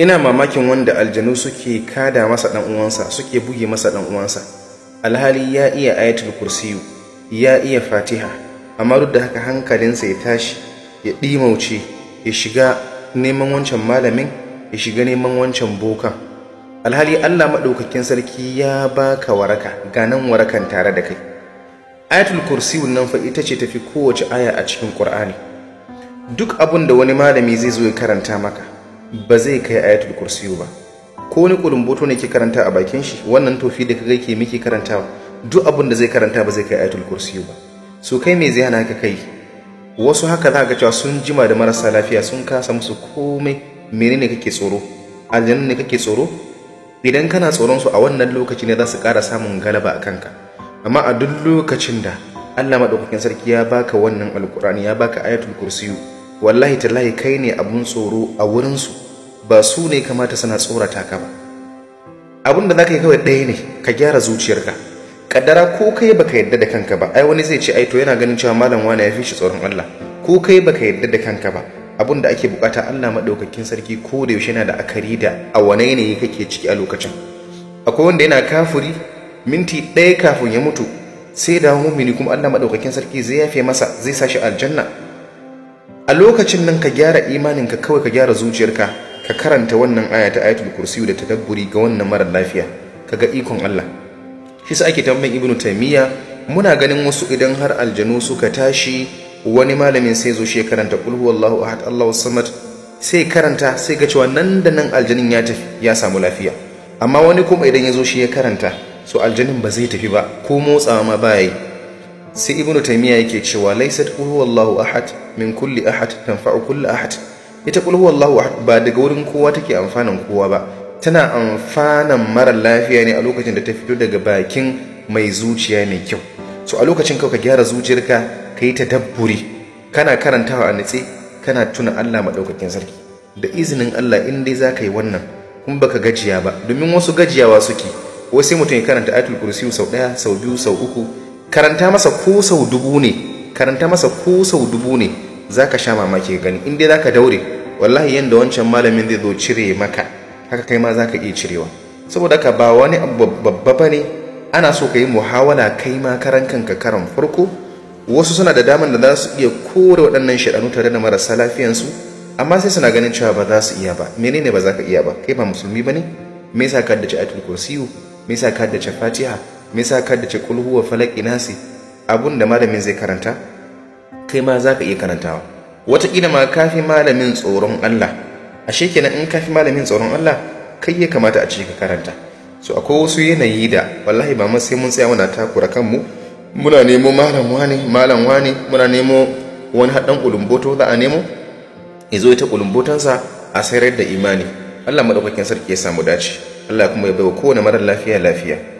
ina mamakin wanda aljanu suke kada masa dan uwansa suke buge masa dan uwansa alhali ya iya ayatul kursiyu ya iya fatiha amma duk da haka hankalinsa ya tashi ya ɗimauce ya shiga neman wancan malamin ya shiga neman wancan bokan alhali allah maɗaukakin sarki ya baka waraka ganan warakan tare da kai ayatul kursiyu nan fa ita ce tafi kowace aya a cikin ƙur'ani duk abin da wani malami zai zo ya karanta maka ba zai kai ayatul kursiyu ba ko ni kulumboto ne ke karanta a bakin shi wannan tofi da kaga ke miki karanta, duk abin da zai karanta ba zai kai ayatul kursiyu ba so kai me zai hana ka kai wasu haka za ka cewa sun jima da marasa lafiya sun kasa musu komai menene kake tsoro aljanna ne kake tsoro idan kana tsoron su a wannan lokaci ne za su kara samun galaba a kanka amma a duk lokacin da Allah maɗaukakin sarki ya baka wannan alkur'ani ya baka ayatul kursiyu wallahi tallahi kai ne abun tsoro a wurinsu ba su ne kamata suna tsorata ka ba abin da zaka ka yi kawai ɗaya ne ka gyara zuciyarka kaddara ko kai baka yadda da kanka ba ai wani zai ce ai to yana ganin cewa malam wani ya fi shi tsoron Allah ko kai baka yadda da kanka ba abun da ake bukata Allah madaukakin sarki ko da yaushe yana da akari da a wane ne kake ciki a lokacin akwai wanda yana kafuri minti ɗaya kafin ya mutu sai da mumini kuma Allah madaukakin sarki zai yafe masa zai sa shi aljanna a lokacin nan ka gyara imaninka kawai ka gyara zuciyarka ka karanta wannan aya ta ayatul kursi da tadabburi ga wannan mara lafiya ka ga ikon Allah shi sa ake tambayin ibnu taymiya muna ganin wasu idan har aljanu suka tashi wani malamin sai zo shi karanta kul huwallahu ahad allahu samad sai karanta sai ga cewa nan da nan aljanin ya tafi ya samu lafiya amma wani kuma idan ya zo shi ya karanta so aljanin ba zai tafi ba ko motsawa ma ba yi sai ibnu taymiya yake cewa laysat qul huwallahu ahad min kulli ahad tanfa'u kulli ahad ita qul huwallahu ahad ba daga wurin kowa take amfanin kowa ba tana amfanan mara lafiya ne a lokacin da ta fito daga bakin mai zuciya mai kyau so a lokacin ka gyara zuciyarka ka yi ta dabburi kana karantawa a nitse kana tuna Allah maɗaukakin sarki da izinin Allah in dai za ka yi wannan kuma baka gajiya ba domin wasu gajiyawa suke wasu mutum ya karanta ayatul kursiyu sau ɗaya sau biyu sau uku karanta masa ko sau dubu ne karanta masa ko sau dubu ne za ka sha mamaki gani in dai za ka daure wallahi yadda wancan malamin zai zo cire maka haka kai ma za ka iya cirewa saboda haka ba wani babba ba ne ana so ka yi muhawala kai ma karan kanka karan farko wasu suna da daman da za su iya kore waɗannan shaɗanu tare da marasa lafiyansu amma sai suna ganin cewa ba za su iya ba menene ba za ka iya ba kai ba musulmi ba ne me yasa ka haddace ayatul kursiyu me yasa ka fatiha me yasa ka dace kul huwa falaq inasi abun da malamin zai karanta kai ma zaka iya karantawa wataƙila ma kafi malamin tsoron Allah ashe kenan in kafi malamin tsoron Allah kai ya kamata a ce ka karanta so akwai wasu yanayi da wallahi ba sai mun tsaya muna takura kanmu muna nemo malam wani malam wani muna nemo wani haɗan kulumboto za a nemo izo ita kulumbotonsa a sayar da imani Allah madaukakin sarki ya samu dace Allah kuma ya baiwa kowane marar lafiya lafiya